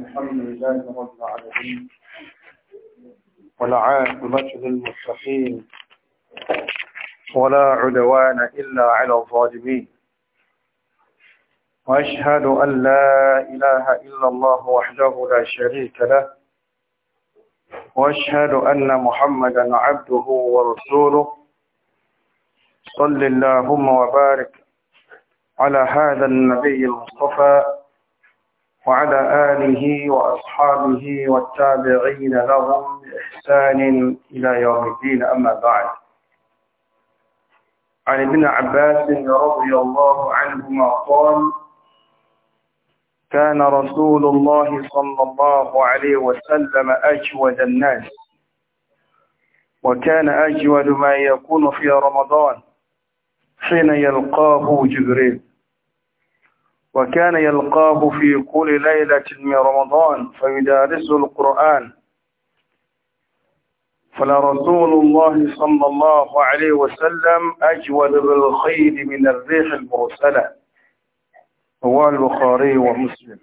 الحمد لله رب العالمين والعاقبة للمتقين ولا عدوان إلا على الظالمين وأشهد أن لا إله إلا الله وحده لا شريك له وأشهد أن محمدا عبده ورسوله صل اللهم وبارك على هذا النبي المصطفى وعلى آله وأصحابه والتابعين لهم بإحسان إلى يوم الدين أما بعد عن ابن عباس رضي الله عنهما قال كان رسول الله صلى الله عليه وسلم أجود الناس وكان أجود ما يكون في رمضان حين يلقاه جبريل وكان يلقاه في كل ليلة من رمضان فيدارسه القرآن فلرسول الله صلى الله عليه وسلم أجود بالخير من الريح المرسلة هو البخاري ومسلم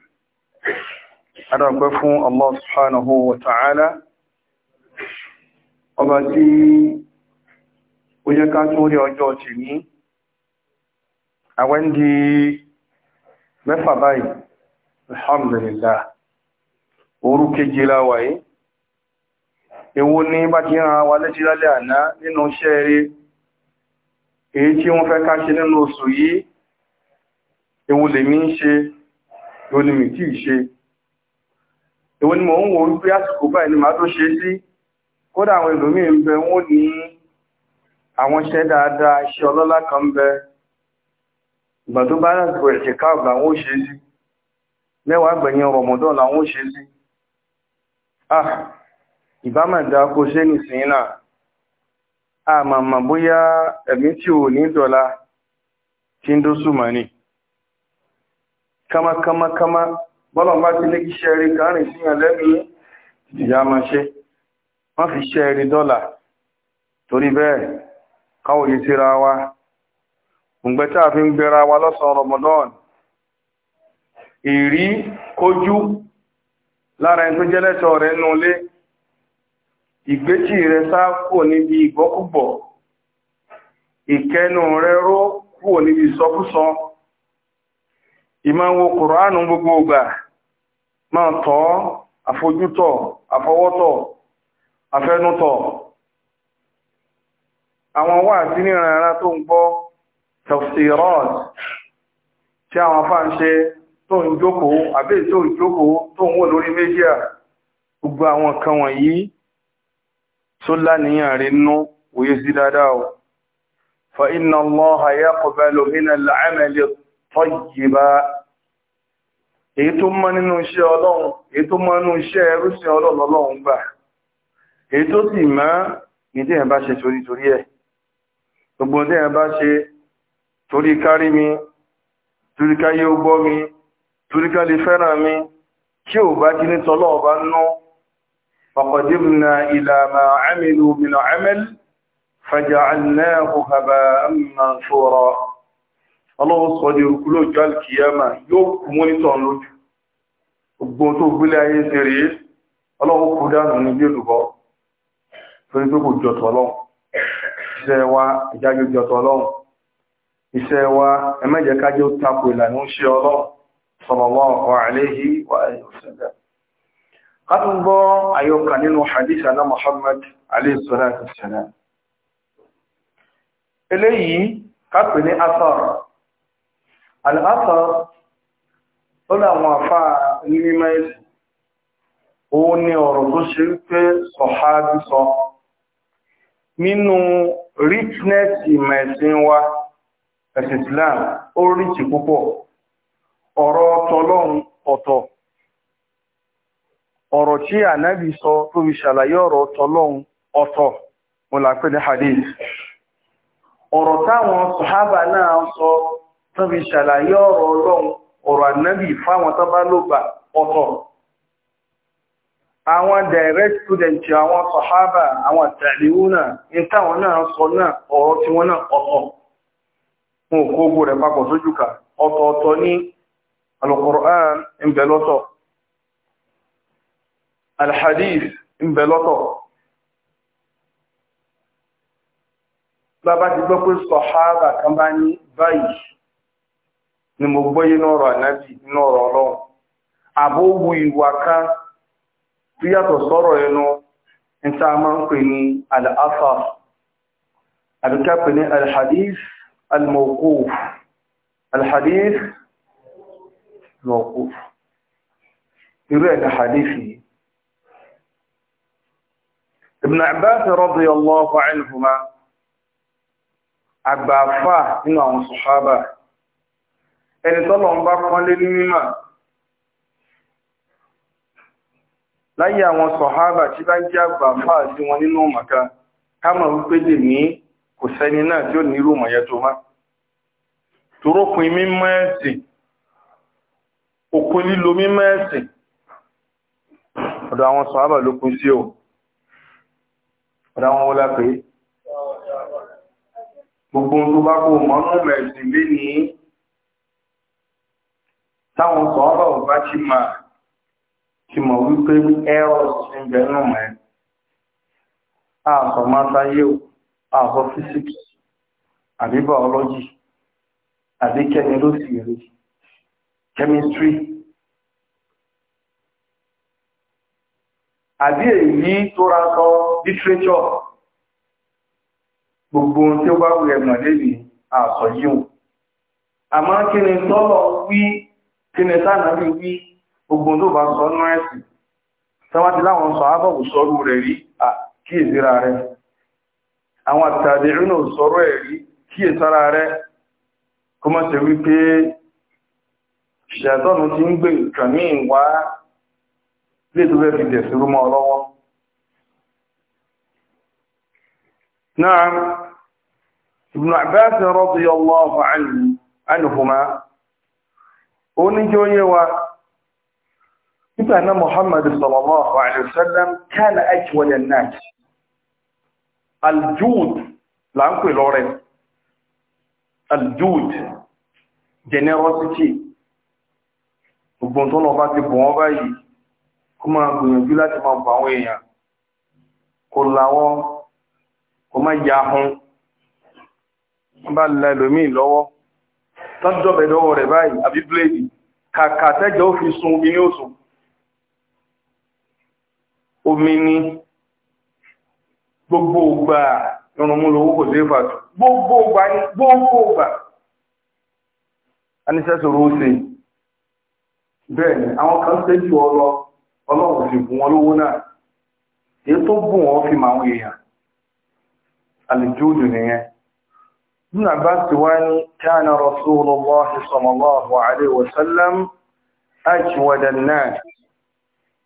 أرقفه الله سبحانه وتعالى وبدي ويكاتوري وجوتني أوندي mẹ́fà báyìí alhamdulillah òru kejì la wà yìí èwo ní bá ti rán wa létí lálẹ́ àná nínú iṣẹ́ eré èyí tí wọ́n fẹ́ ká ṣe nínú oṣù yìí èwo lè mí ń ṣe èwo ni mi tí ì ṣe èwo ni mò ń wo wípé àsìkò báyìí ni màá tó ṣe sí kódà àwọn ìlòmíì ń bẹ wọ́n ní àwọn iṣẹ́ dáadáa iṣẹ́ ọlọ́lá kan bẹ́ẹ̀ ìgbà tó bá láti bọ̀ ẹ̀ṣẹ̀ káàbù làwọn ó sí mẹ́wàá gbẹ̀yìn rọ̀mọ̀dọ́ làwọn ó sí ah ìbámà kó ṣe náà a màmà bóyá ẹ̀mí tí ò ní dọ̀la tí ń dóṣù mọ̀ ni kámákámákámá bọ́lọ̀n ti ní kí rí kárìn síyàn lẹ́mìí ìyá máa ṣe wọ́n fi ṣe rí dọ́là torí bẹ́ẹ̀ káwòye wa mgbe taa fi ń gbéra wa lọ́sàn Ramadan ìrí kojú lára ẹni tó jẹ́lẹ́tọ̀ rẹ̀ nú lé ìgbéjì rẹ̀ sá kúrò níbi ìgbọ́kúgbọ̀ ìkẹnu rẹ̀ ró kúrò níbi ìsọkúsọ ìmọ̀ kùránù gbogbo ìgbà máa tọ́ àfojútọ̀ àfọwọ́tọ̀ àfẹnutọ̀ àwọn wà sí níranra tó ń gbọ́ tafsirat tí àwọn afá ń ṣe tó ń jókòó àbí tó ń jókòó tó ń wò lórí méjìá gbogbo àwọn kan wọ̀nyí tó láníyàn rí nú òye sí dáadáa o fa inna Allaha yaqbalu min al-amali at gbogbo tí ẹ̀ ṣe torí kárí mi torí káyé ó gbọ́ mi torí ká lè fẹ́ràn mi tí ò bá ti ní tọ́lọ́ ọba nú faqadimna ila ma amilu min amal faja'alnahu haba'an mansura ọlọ́run sọ tó kò jọ̀tọ̀ ọlọ́run ṣiṣẹ́ wa ìjájú jọ̀tọ̀ iṣẹ́ wa ẹ má jẹ́ ká jẹ́ ó tako ìlànà oṣù ọlọ́run sallallahu alayhi wa alihi wa sallam ká tún gbọ́ àyọkà nínú hadith àná Muhammad alayhi salatu wassalam eléyìí ká pè ní asar richness ìmọ̀ wa ẹ̀sìn Islam ó ríṣì púpọ̀ ọ̀rọ̀ tọlọ́run ọ̀tọ̀ ọ̀rọ̀ tí ànábì sọ tó fi ṣàlàyé ọ̀rọ̀ tọlọ́run ọ̀tọ̀ mo hadith ọ̀rọ̀ táwọn sọ̀hábà náà sọ tó fi ṣàlàyé ọ̀rọ̀ ọ̀rọ̀ àwọn direct student àwọn sọ̀hábà sọ náà ọ̀rọ̀ tí wọ́n náà fún òkú ogun rẹ̀ papọ̀ sójú kan ọ̀tọ̀ọ̀tọ̀ ní alukur'an ń bẹ lọ́tọ̀ alhadis ń bẹ lọ́tọ̀ bàbá ti gbọ́ pé sọ̀hábà kan bá ní báyìí ni mo gbọ́yé nọ́rọ̀ ànábì nọ́rọ̀ ọlọ́run àbówù ìwà kan tó yàtọ̀ sọ́rọ̀ ẹnu ní máa ń pè ní al-afar àbíká pè ní alhadis الموقوف الحديث موقوف يروي الحديث ابن عباس رضي الله عنهما أبافا إنه عن صحابة إن طلع مبقى للمما láyé àwọn sọ̀hábà tí bá jẹ́ àgbàfà sí wọn nínú màkà ká mọ̀ wípé lè ní kò sẹ́ni náà tí ó ní irú mọ̀yẹ tó má torókùn mímọ́ ẹ̀sìn òkun lílo mímọ́ ẹ̀sìn ọ̀dọ̀ àwọn sọ̀hábà ló kún sí o ọ̀dọ̀ àwọn wọlá pé gbogbo tó bá kó mọ́nú mẹ̀sìn lé ní táwọn sọ̀hábà ò bá àbọ̀ físíkì àbí biology àbí kẹ́ni ló sì rí chemistry àbí èyí tó ra sọ literature gbogbo tí ó bá wù ẹ̀mọ̀ lèmi àsọ yíò àmọ́ kí ni tọ́lọ̀ wí kí ni sáànà bí wí gbogbo tó bá sọ náà ẹ̀sìn tọ́wọ́ ti láwọn sọ ábọ̀wò sọ́rú rẹ̀ rí àkíyèsíra rẹ̀ àwọn àtàdé ìrìnà sọ̀rọ̀ ẹ̀rí kí èsára rẹ̀ kó mọ́ sí wípé ṣàtọ́nù ti ń gbé nǹkan ní ìwá lè tó fẹ́ fi dẹ̀sí rúmọ́ lọ́wọ́ náà Ibn Abbas radiyallahu anhuma ó ní jẹ́ sallallahu alaihi wasallam kana ajwal an-nas aljud là ń pè lọ́rẹ aljud generosity gbogbo tó lọ bá ti bọ̀ wọ́n báyìí kó máa gbìyànjú láti máa bọ̀ àwọn èèyàn kò láwọ́ kò má ya hun wọ́n bá la ẹlòmíì lọ́wọ́ tọ́jọ́bẹ̀ lọ́wọ́ rẹ̀ báyìí àbí bléèdì kàkà tẹ́jọ́ ó fi sun omi ní òsùn omi ni gbogbo ògbà irunmú lówó kò sí gbogbo ògbà ní gbogbo ògbà ó àwọn kan ṣe jù ọ ọlọ́run sì wọn lówó náà èyí tó bùn wọn fi màwọn èèyàn àlejò nìyẹn nínú àbá ti wá ní Rasulullah sallallahu alaihi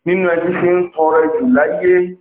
nínú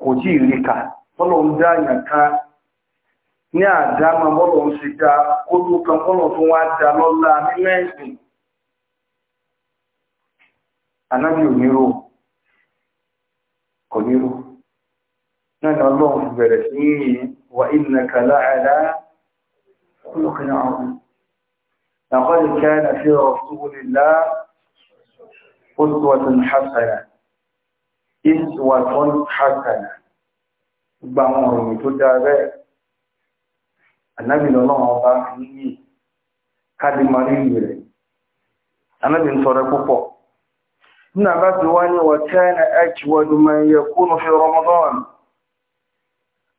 kò tí ìríkà tọ́lọ̀ ń dá àyàn kan ní àdámà bọ́lọ̀ ń ṣe dá kó tó kan bọ́lọ̀ tó wá dá lọ́lá nínú ẹ̀sìn anábì onírò kò nírò náà ni bẹ̀rẹ̀ sí yìnyín wà innaka la'ala khuluqin 'azim laqad iswatun hasana gba àwọn òròyìn tó dáa bẹ́ẹ̀ anábìlọ náà ọba níyì kádìmarí rẹ̀ anábì ń púpọ̀ nínú àbá ti wá ní wọ̀tẹ́ẹ̀nà ẹ̀kíwọ́dún mẹ́yẹ kúnnù fi Ramadan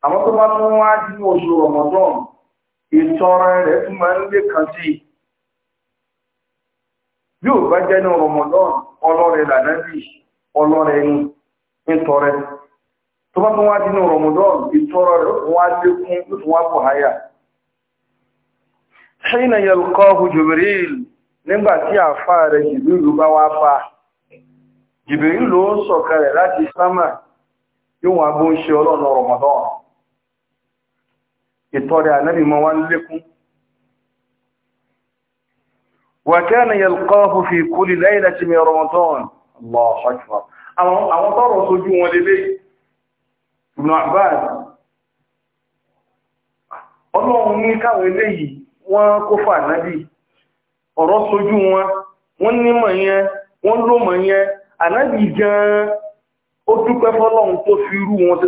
yóò bá jẹ́ ní ọlọ́rẹ̀ ọlọ́rẹ̀ ni ntọrẹ tó bá tún wá dín ní rọmọdọ́ọ̀nù ìtọrọ rẹ̀ ó tún wá lékún ó tún wá bù háyà. ṣéyìnà yẹ lukọ́hu Jibril nígbà tí àáfàá rẹ̀ Jibril bá wá bá Jibril ló ń sọ̀kalẹ̀ láti sámà yóò wọn bó ń ṣe ọlọ́nà rọmọdọ́ọ̀nù ìtọrẹ ànábì mọ́ wá lékún. وكان يلقاه في كل ليلة من رمضان الله أكبر àwọn tọ́rọ sójú wọn lélẹ̀ ìbùnà àbáàdì ọlọ́run ní káwọn eléyìí wọ́n kó fà náàbì ọ̀rọ̀ sójú wọn wọ́n nímọ̀ yẹn wọ́n lómọ̀ yẹn ànábì gan ó dúpẹ́ fọ́lọ́run tó fi irú wọn ti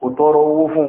kò tọrọ owó fún.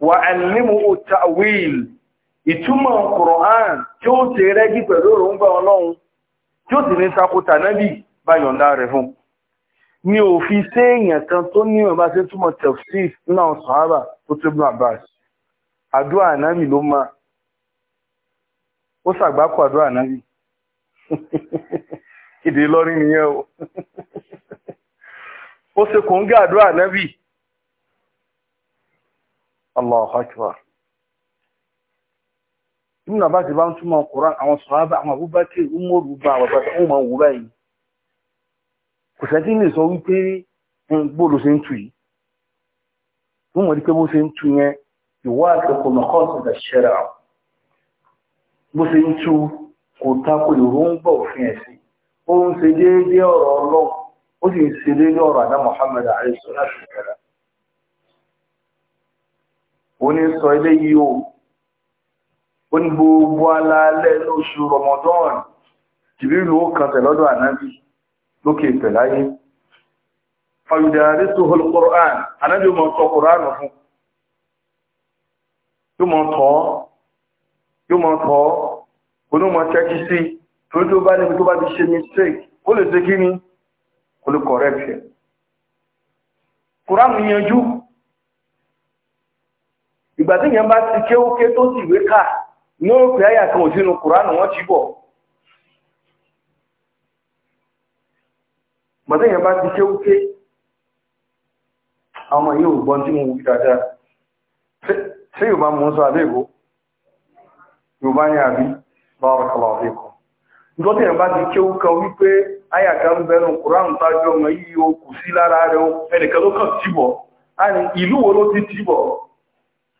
wà alimu ta'wil ìtumọ̀ Qur'an tí ó ti rẹ́gí pẹ̀lú òrùngbà ọlọ́run tí ó sì ní takota náàbì bá yọ̀ǹda rẹ̀ fún ni ò fi sé èèyàn kan tó ní ìwọ̀nba tí túmọ̀ tafsir náà sàhábà tó tó bí Abbas àdúrà náàbì ló máa ó sàgbákò àdúrà náàbì ìdè lọ́rin nìyẹn o ó ṣe kò ń gé àdúrà náàbì Allahu Akbar. Ibn Abbas bá ń túmọ̀ Quran àwọn sọ̀hábà àwọn Abubakar Umar gba yi àbàtà wọn máa wúra yìí. Kò sẹ́tí lè sọ wípé gbóòlù ṣe ń tu yìí. Wọ́n mọ̀ wípé bó ṣe ń ó ní sọ eléyìí o ó ní gbogbo alálẹ́ lóṣù Ramadan jìbìrìlù ó kan tẹ̀ lọ́dọ̀ ànábì lókè ìtẹ̀láyé fàyùdàrí tó hol Qur'an ànábì mọ̀ sọ Qur'an fún yóò mọ̀ tọ́ yóò mọ̀ tọ́ onímọ̀ tẹ́kí sí tó tó bá níbi tó bá ti ṣe mistake ó lè ṣe kí ni kò lè correct ẹ̀ Qur'an yanjú ìgbà tí èèyàn bá ti kéwúké tó sì wé ká lóò pé àyà kan ò kùránù wọn ti bọ̀ ìgbà tí bá ti kéwúké àwọn yóò gbọ́n tí mo wù dáadáa ṣé yóò bá mú sọ àbẹ́ẹ̀bọ́ yóò bá ní àbí bá ọ̀rọ̀ kọlọ̀ ọ̀fẹ́ bá ti kan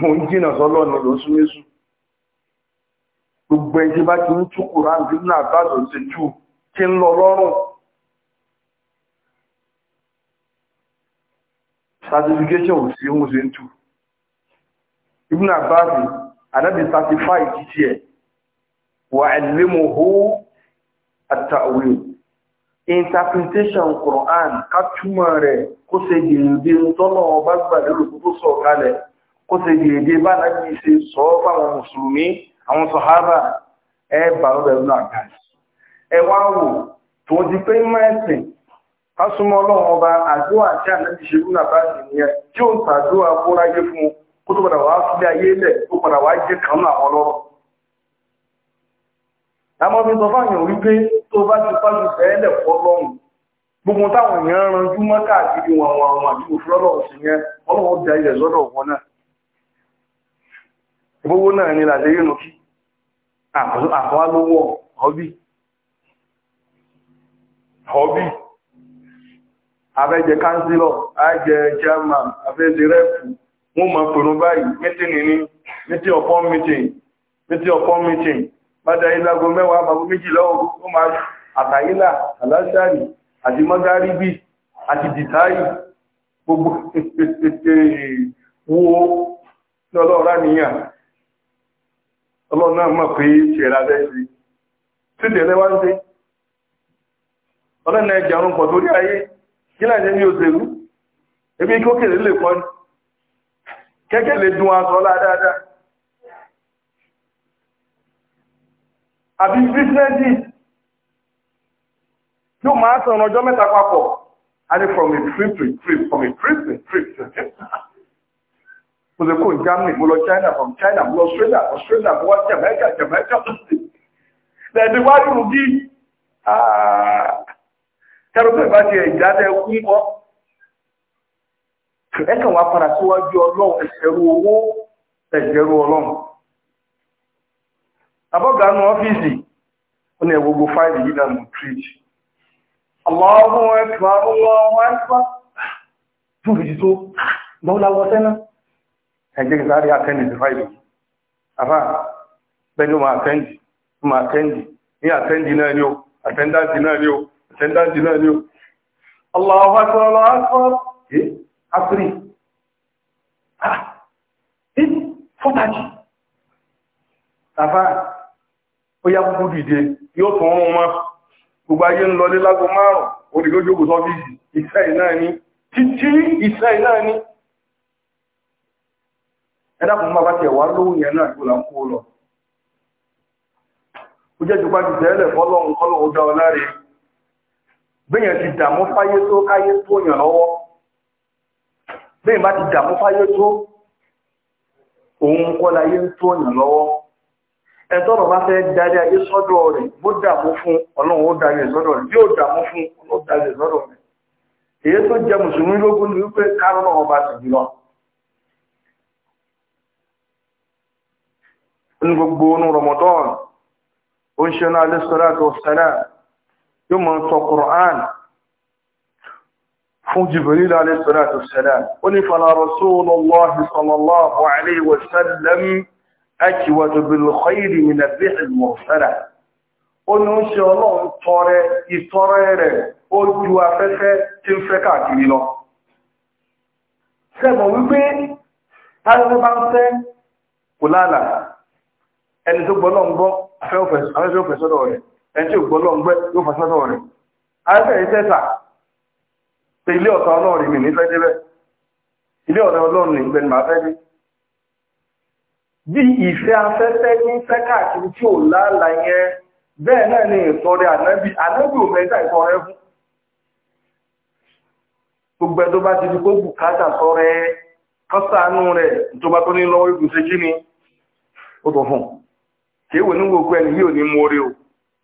mo ń jìnà sọ́lọ́ ní lọ súnmésù gbogbo ẹni bá ti ń tú kùrán ní àbájọ ṣe jù kí ń lọ lọ́rùn certification ò sí oúnjẹ ń tù ibùn àbájọ anábì certify títí ẹ̀ wà ẹ̀lẹ́mù hó àtàwé interpretation Quran ká túmọ̀ rẹ̀ kó ọba gbàdúrò tó sọ̀ kalẹ̀ kó ṣe dèédé bá láti ṣe sọ ọ́ fáwọn mùsùlùmí àwọn sọ̀hábà ẹ bà ó bẹ̀rù náà gà ẹ wá wò tó ti pé mẹ́sìn kásùmọ́ ọlọ́run ọba àdúrà tí ànábì ṣe lúnà bá sì nìyẹn tí ó ń tàdúrà fúnráyé fún kó tó padà wàá fi ayé lẹ̀ tó padà wàá jẹ́ kan náà àwọn lọ́rọ̀ àmọ́ bí sọ fáyàn wípé tó bá ti pàṣẹ fẹ́ẹ́lẹ̀ fọ́lọ́run gbogbo táwọn èèyàn ranjú mọ́ káàkiri wọn àwọn àwọn àdúgbò fúlọ́lọ́run sí yẹn ọlọ́run da ilẹ̀ lọ́dọ̀ wọn náà ìgbówó náà ni làdé yínú kí àfọwálówó ọ̀bí ọ̀bí abẹ́jẹ kánsílọ̀ ajẹ chairman abẹ́jẹ rẹ́pù wọ́n ma pẹ̀lú báyìí mítìnì ní mítì ọ̀pọ̀ mítìnì mítì ọ̀pọ̀ mítìnì bádá ìlàgò mẹ́wàá bàbú méjìlá ó ma àtàílà àlásàrì àti mọ́gáríbì àti dìtáì gbogbo wo lọ́lọ́rá nìyàn ọlọ́run náà mọ̀ pé ṣẹ̀rà bẹ́ẹ̀sì tí tẹ̀lẹ́ wá ń dé ọlọ́run ẹjà ọrùn pọ̀ torí ayé gílà jẹ́ ní òṣèlú ebi kí ó kèrè lè pọ́ ní kẹ́kẹ́ lè dun aṣọ ládáadáa àbí bísínẹ́sì yóò máa sọ̀rọ̀ ọjọ́ mẹ́ta papọ̀ a ní from a trip to trip from a trip to trip trip mo ṣe kó Germany mo lọ China from China mo lọ Australia Australia mo wá Jamaica Jamaica tó ti lẹ́ẹ̀dí wá dùn bí kẹ́rọ̀tọ̀ ah, ìbá ti ẹ̀já dẹ́ kún kọ́ ẹ kàn wá padà síwájú ọlọ́run ẹ̀ṣẹ̀rú owó ẹ̀jẹ̀rú ọlọ́run abọ́gánú ọ́fíìsì ó ní ẹ̀wọ̀gbọ̀ fáìlì yìí dànù tríjì Allahu Akbar Allahu Akbar tó fìdí ah, tó lọ́wọ́láwọ́ ẹgbẹ́ sáré àtẹ́ndì fáìlì afá bẹ́ni ma àtẹ́ndì ma àtẹ́ndì ní àtẹ́ndì náà ni ó àtẹ́ndàtì náà ni ó àtẹ́ndàtì náà ni ó Allahu Akbar Allahu Akbar ah fọ́tàjì afá ó yá kúkú dìde yóò tún ọmọ ọmọ gbogbo ayé ń lọ lé lágọ márùn-ún olùgbójókòó sọ́fíìsì ìṣẹ́ ìnáà ni títí ìṣẹ́ ìnáà ni ẹ̀dàkùn máa bá tẹ̀ wá lówó yẹn náà ìgbò là ń kó lọ ó jẹ́ jùpá jù tẹ́lẹ̀ fọ́lọ́run kọ́lọ̀ dá bẹ́yẹn ti fáyé tó káyé tó yàn lọ́wọ́ bá ti fáyé tó òun tó yàn lọ́wọ́ bá ayé sọ́dọ̀ rẹ̀ bó fún ọlọ́run ó darí ẹ̀ sọ́dọ̀ rẹ̀ yóò fún ọlọ́run ó darí ẹ̀ sọ́dọ̀ rẹ̀ èyí tó ní gbogbo onú Ramadan ó ń ṣe náà alayhi salatu wassalam yóò mọ̀ sọ Qur'an fún Jibril alayhi salatu wassalam ó ní fala Rasulullahi sallallahu alayhi wa sallam ajwadu bil khayri min ar-rihil mursala ó ní ó ṣe ọlọ́run tọrẹ ìtọrẹ rẹ̀ ó ju afẹ́fẹ́ tí ń fẹ́ káàkiri lọ sẹ́mọ̀ wípé táyọ̀ bá ń fẹ́ kò ẹni tó gbọ́ lọ́n gbọ́ afẹ́fẹ́ fẹ́ sọ́dọ̀ rẹ̀ ẹni gbọ́ gbẹ́ yóò fẹ́ sọ́dọ̀ rẹ̀ afẹ́fẹ́ yìí tẹ́ta tẹ ilé ọ̀tá mi nífẹ̀ẹ́ débẹ̀ ilé ọ̀tá bí ìfẹ́ afẹ́fẹ́ ní fẹ́ káàkiri tí ò yẹn bẹ́ẹ̀ náà ni ànábì ànábì ò fún gbogbo ẹ̀ tó bá ti kí èwò ní gbogbo ẹni yóò ní mú orí o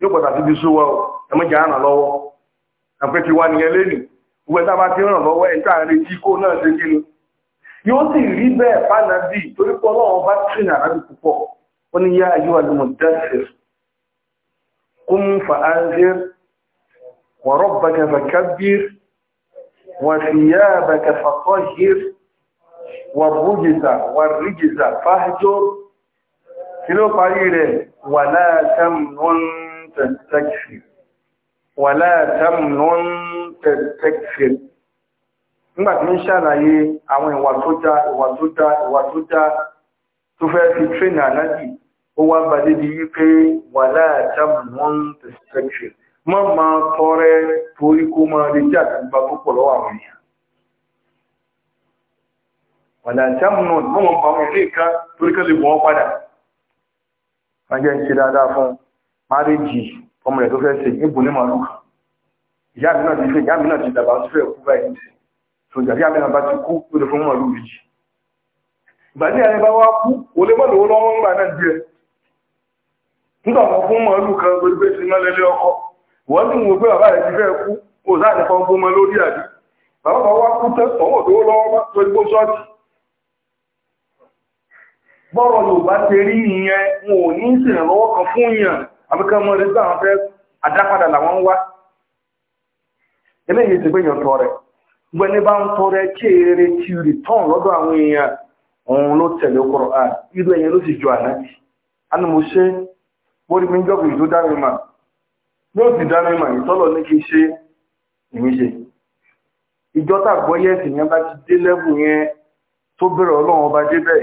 yóò pàtàkì bí súwọ́ o ẹmọ́jà ànà lọ́wọ́ àpẹ́ ti wá ní ẹlẹ́nì gbogbo ẹ̀ta bá ti ràn lọ́wọ́ ẹ̀ta rẹ̀ tí kó náà ṣe kí yóò sì rí bẹ́ẹ̀ fánà bí torí pọ́ lọ́wọ́ bá tì náà láti púpọ̀ ó ní yá ayé wà lọ́mọ dẹ́sẹ̀ kún fa áńgẹ́ wọ̀rọ̀ bàkà fàkábír wàfíyà bàkà fàkọ́hìr wàrújìzà wàrújìzà fáhìjọ́rù kí ló parí rẹ̀ wala tamnun tastakfir wala tamnun tastakfir nígbà tí ń ṣàlàyé àwọn ìwà tó dá ìwà tó dá ìwà tó dá tó fẹ́ fi tírínà aláàjì ó wá bá débi wípé wala tamnun tastakfir mọ́ máa tọrẹ torí kó máa retí àtàgbà tó pọ̀ lọ́wọ́ àwọn èèyàn wàlá tamnun mọ́ wọn bá wọn ilé ìka torí kẹ́ lè wọ́n padà wọ́n jẹ́ ń ṣe dáadáa fún máríjì ọmọ rẹ̀ tó fẹ́ ṣe níbo ní màlúù ìyá mi náà ti fẹ́ ìyá mi náà ti dàgbà tó fẹ́ kú báyìí sọjà ìyá mi náà bá ti kú ó lè fún màlúù méjì ìgbà tí ẹni bá wá kú ó lè mọ̀lówó lọ́wọ́ ńgbà náà díẹ̀ nígbà wọn fún màlúù kan gbogbo èsì náà lẹ́lẹ́ ọkọ wọ́n sì ń wo pé bàbá rẹ̀ ti fẹ́ kú kò sáà nípa ọgbọ́n mọ lórí àbí bàbá bá wá kú tẹ́ bọ́rọ̀ bá ti rí ìyẹn wọn ò ní kan fún yàn àbíkẹ́ mọ́ rí gbà fẹ́ àdápadà làwọn wá eléyìí ti gbé yàn tọrẹ gbogbo bá ń rẹ̀ kí èrè ti lọ́dọ̀ àwọn èèyàn òun ló tẹ̀lé irú ẹ̀yẹn ló sì jọ ṣe bórí mi jọ́ mà ṣe ṣe ìjọ tàgbọ́yẹ̀sì yẹn bá ti dé lẹ́bù yẹn tó bẹ̀rẹ̀ ọlọ́run ọba débẹ̀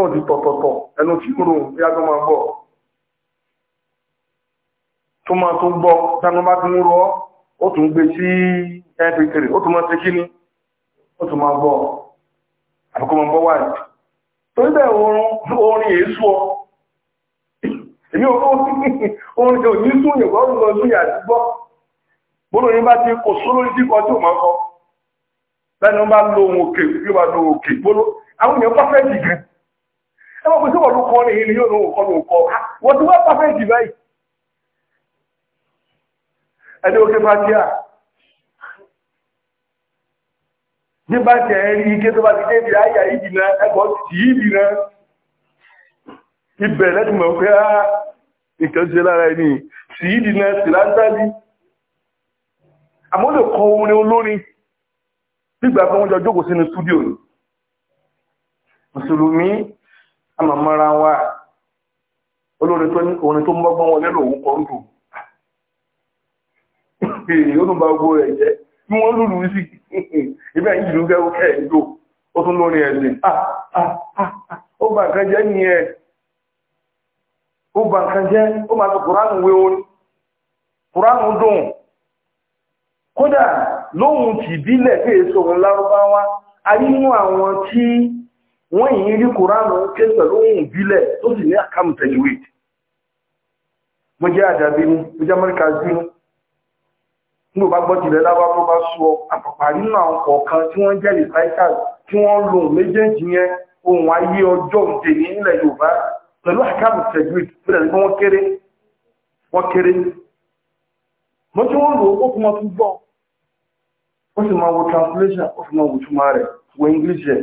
ó náà tọ̀tọ̀tọ̀ ẹnu tí kúrò bí a máa tó gbọ́ dáná bá ti rọ ó tún gbé sí mp ó tún máa ṣe kíní ó tún máa máa wà ní torí bẹ́ẹ̀ sú ọ èmi ò sún lọ sún gbọ́ bọ́lọ̀ yín bá ti kò tí ò máa kọ́ bẹ́ẹ̀ ni wọ́n bá lo òkè bí wọ́n bá lo òkè àwọn ẹwọ́n kò sí wọ́n ló kọ́ ní ilé yóò lóun kọ́ lóun kọ́ wọ́n ti wá pàfẹ́ jì báyìí ẹni ó ké fàtíà ní bá tẹ̀ ẹ́ rí ike tó bá ti débi àyà ìdì náà ẹgbọ́n tì í bì náà ibẹ̀ lẹ́tù mọ̀ pé á ah, nǹkan ṣe lára ẹni tì í bì náà sì láńtà bí àmọ́ lè kọ́ olórin nígbà pé wọ́n jọ jókòó sínú stúdíò mùsùlùmí àmọ́ mọ́ra wá olórin tó ní orin tó mọ́gbọ́n wọlé lòun kọ́ lù èyí ó tún bá gbogbo rẹ̀ jẹ́ tí wọ́n lùlù sí ibẹ̀ yìí lù gẹ́gẹ́ kẹ́ ìlú ó tún lórí ẹ̀sìn ah, ah, ah, ó bà kan jẹ́ ní ẹ̀ ó bà kan jẹ́ ó máa fi kùránù wé orin kódà lóhun tìbílẹ̀ tí èso òun lárúbáwá ayínú àwọn tí wọ́n yìí rí kùránù ké pẹ̀lú ohun ìbílẹ̀ tó sì ní àkàmù mo jẹ́ àdàbí ni mo jẹ́ amẹ́ríkà sí ni nígbà bá gbọ́ tilẹ̀ lábá tó bá sọ àpàpà nínú àwọn kọ̀ọ̀kan tí wọ́n jẹ́ recitals tí wọ́n lo méjèèjì yẹn ohun ayé ọjọ́ òde ní ilẹ̀ yorùbá pẹ̀lú àkàmù tajwid bẹ́ẹ̀ ni wọ́n kéré wọ́n kéré mo tí wọ́n lò ó fún wọn tún gbọ́ ó sì máa wo translation ó sì máa wo túmọ̀ rẹ̀ wo english rẹ̀